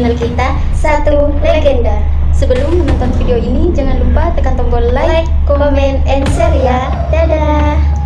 channel kita Satu Legenda. Sebelum menonton video ini, jangan lupa tekan tombol like, comment, and share ya. Dadah!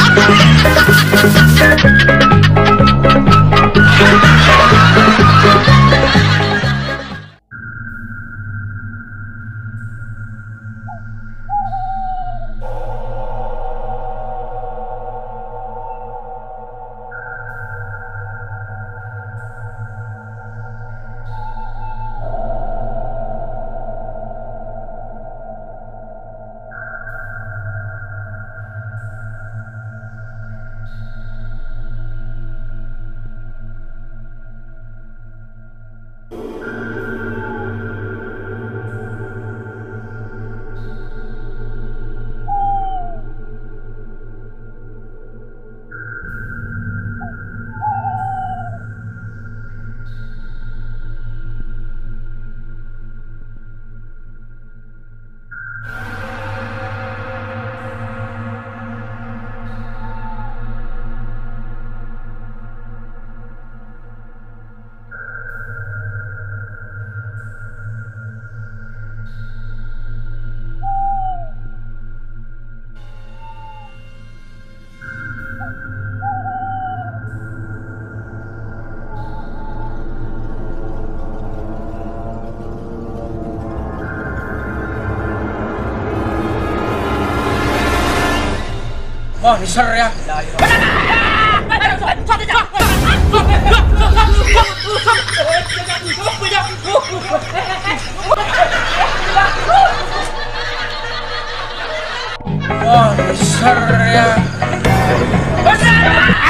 Ha ha ha ha ha! Wah, oh, ser ya. Wah, oh, ya.